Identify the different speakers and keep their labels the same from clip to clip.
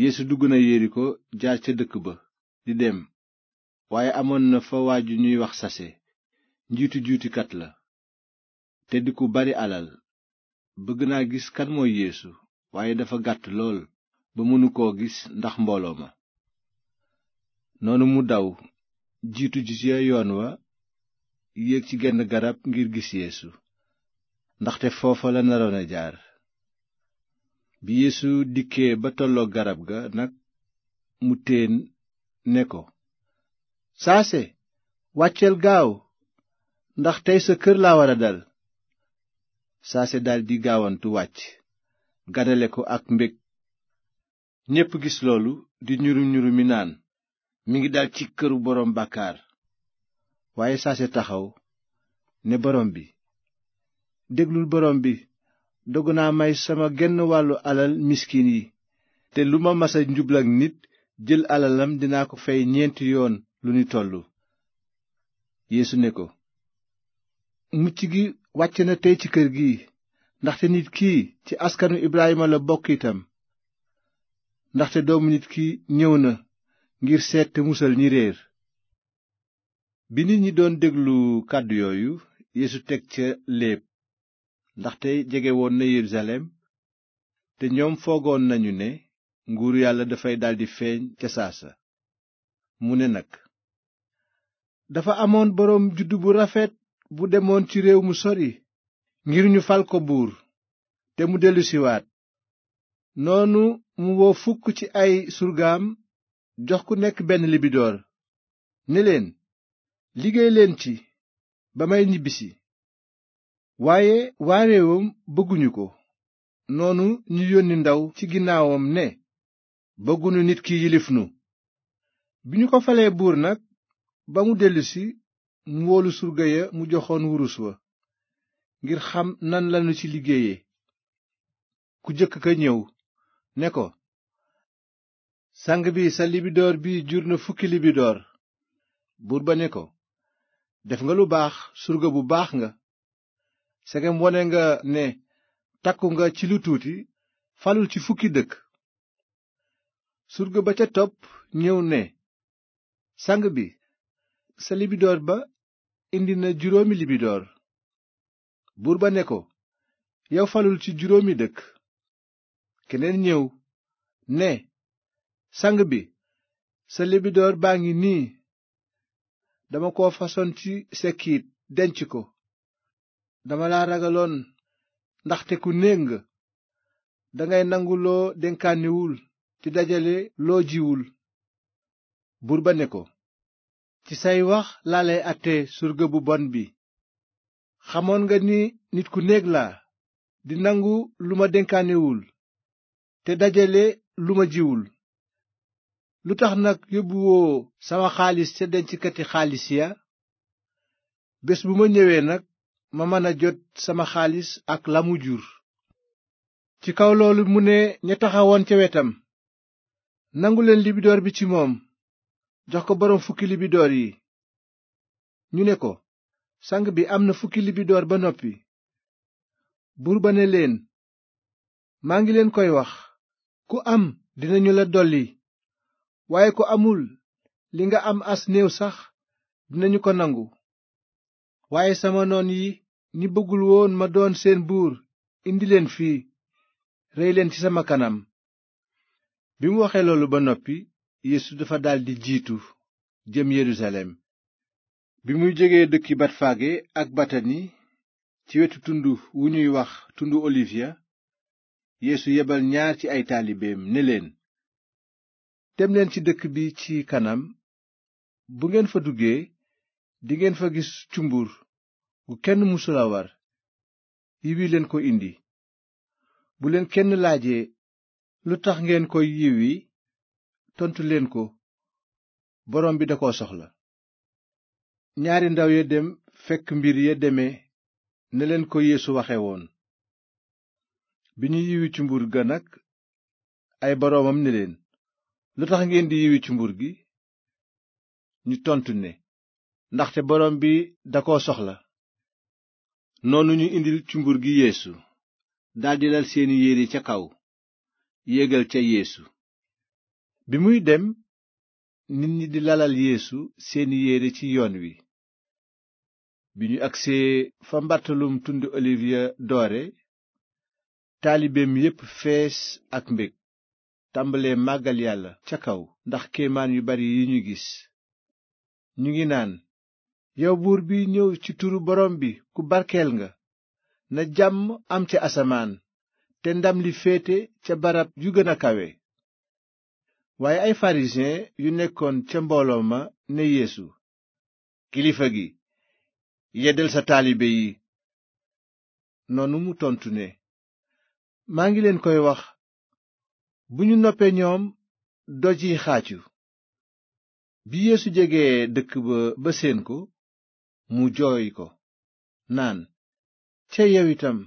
Speaker 1: yéesu dugg na yeriko jaar ca dëkk ba di dem waaye amoon na fa waa ju ñuy wax sase njiitu juutikat la te di ku bari alal bëgg naa gis kan mooy yéesu waaye dafa gàtt lool ba mënu koo gis ndax mbooloo ma noonu mu daw jiitu ji ca yoon wa yéeg ci genn garab ngir gis yeesu ndaxte foofa la naroon a jaar bi yeesu dikkee ba tolloog garab ga nag mu téen ne ko saase wàcceel gaaw ndax tey sa kër laa wara dal saase daldi gaawantu wàcc ganale ko ak mbég ñépp gis loolu di ñurum ñurumi naan mi ngi dal ci këru boroom bàkkaar waaye saase taxaw ne borom bi déglul borom bi dogu naa may sama genn wàllu alal miskin yi te lu ma masa njublak nit jël alalam dinaa ko fay ñeenti yoon lu ni tollu yeesu ne ko mucc gi wàcc na tey ci kër gi ndaxte nit kii ci askanu Ibrahima la bokk itam ndaxte doomu nit ki ñëw na ngir seet musal ni réer bi ñi doon déglu kàddu yooyu Yeesu teg ca léeb ndaxte jegewoon na yerusalem te ñoom foogoon nañu ne nguur yàlla dafay daldi feeñ ca saasa mu ne nag dafa amoon boroom juddu bu rafet bu demoon ci réew mu sori ngir ñu fal ko buur te mu dellusiwaat noonu mu woo fukk ci ay surgaam jox ku nekk benn libidoor ne leen liggéey leen ci ba may ñibbisi waaye waa réewam bëgguñu ko noonu ñu yónni ndaw ci ginnaawam ne bëgguñu nit ki yilif bi ñu ko falee buur nag ba mu dellusi mu wóolu surga ya mu joxoon wurus wa ngir xam nan lanu ci liggéeye ku jëkk ko ñëw ne ko sang bi sa libidoor bi jur na fukki libidoor buur ba ne ko def nga lu baax surga bu baax nga segem wone nga ne takku nga ci lu tuuti falul ci fukki dëkk surga ba ca topp ñëw ne sang bi sa libidoor ba indi na juróomi libidoor buur ba ne ko yow falul ci juróomi dëkk keneen ñëw ne sang bi sa libidoor baa ngi nii dama ko fasoon ci sekkiit denc ko dama la ragaloon ndaxte ku néeg nga dangay nangu loo dénkaanewul di dajale loo jiwul buur ba ne ko ci say wax laa lay àtte surga bu bon bi xamoon nga ni nit ku néeg laa di nangu lu ma dénkaanewul te dajale lu ma jiwul lu tax nag yóbbuwoo sama xaalis ca denckati xaalis ya bés bu ma ñëwee nag ma mën a jot sama xaalis ak lamu jur ci kaw loolu mu ne ña taxawoon ca wetam nangu leen libidoor bi ci moom jox ko boroom fukki libidoor yi ñu ne ko sang bi am na fukki libidoor ba noppi buur ba ne leen maa ngi leen koy wax ku am dinañu la dolli waaye ko amul li nga am as néew sax dinañu ko nangu waaye sama noon yi ñi bëggul woon ma doon seen buur indi leen fii rey leen ci sama kanam bi mu waxee loolu ba noppi yeesu dafa daldi jiitu jëm yerusalem bi muy jegee dëkki batfage ak batani ci wetu tund wu ñuy wax tundu olivier yéesu yebal ñaar ci ay taalibeem ne leen dem ci dëkk bi ci kanam bu ngeen fa duggee dingeen fa gis cumbur gu kenn mësula war yiwi leen ko indi bu leen kenn laajee lu tax ngeen koy yiwi tontu leen ko boroom bi da ko soxla ñaari ndaw ya dem fekk mbir ya deme ne leen ko yeesu waxe woon bi ñu yiwi cumbur ga nag ay boroomam ne leen lu tax ngeen di yiwi cumbur gi ñu tontu ne ndaxte boroom bi da koo soxla noonu ñu indil ci mbur gi yéesu daldi lal seeni yére ca kaw yéegal ca yeesu bi muy dem nit ñi di lalal yeesu seeni yére ci yoon wi bi ñu agsee fa mbartalum tundu oliv ya doore taalibeem yépp fees ak mbég tàmbalee màggal yàlla ca kaw ndax kéemaan yu bari yi ñu gis ñu ngi naan yow buur bi ñëw ci turu borom bi ku barkeel nga na jàmm am ca asamaan te ndam li féete ca barab yu gën a kawe waaye ay farisiyen yu nekkoon ca mbooloo ma ne yéesu kilifa gi yeddal sa taalibe yi noonu mu tontu ne maa ngi leen koy wax bu ñu noppee ñoom doj yi xaacu bi yeesu dëkk ba ba ko mu jooy ko naan ce yow itam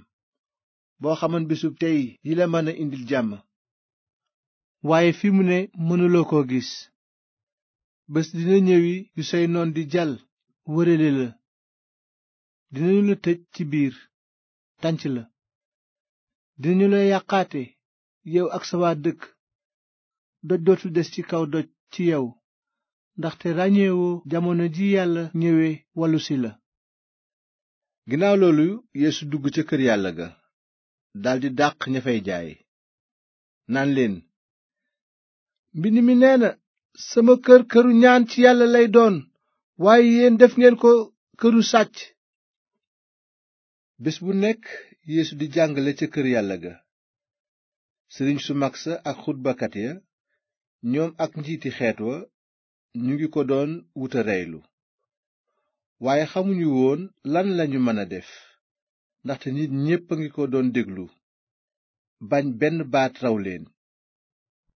Speaker 1: boo xamoon bisub tey yi la mën a indil jàmm waaye fi mu ne mënuloo koo gis bés dina ñëwi yu say noon di jàll wërale la dinañu la tëj ci biir tànc la dinañu la yàqaate yow ak sa waa dëkk doj dootul des ci kaw doj ci yow ndaxte ràññeewoo jamono ji yàlla ñëwee wallusi la ginnaaw loolu yeesu dugg ca kër yàlla ga daldi dàq ña fay jaay naan leen mbind mi nee na sama kër këru ñaan ci yàlla lay doon waaye yéen def ngeen ko këru sàcc bés bu nekk yeesu di jàngale ca kër yàlla ga sëriñ su mag sa ya ñoom ak njiiti ñu ngi ko doon wuta reylu waaye xamuñu woon lan lañu mën a def ndaxte nit ñépp a ngi ko doon déglu bañ benn baat raw leen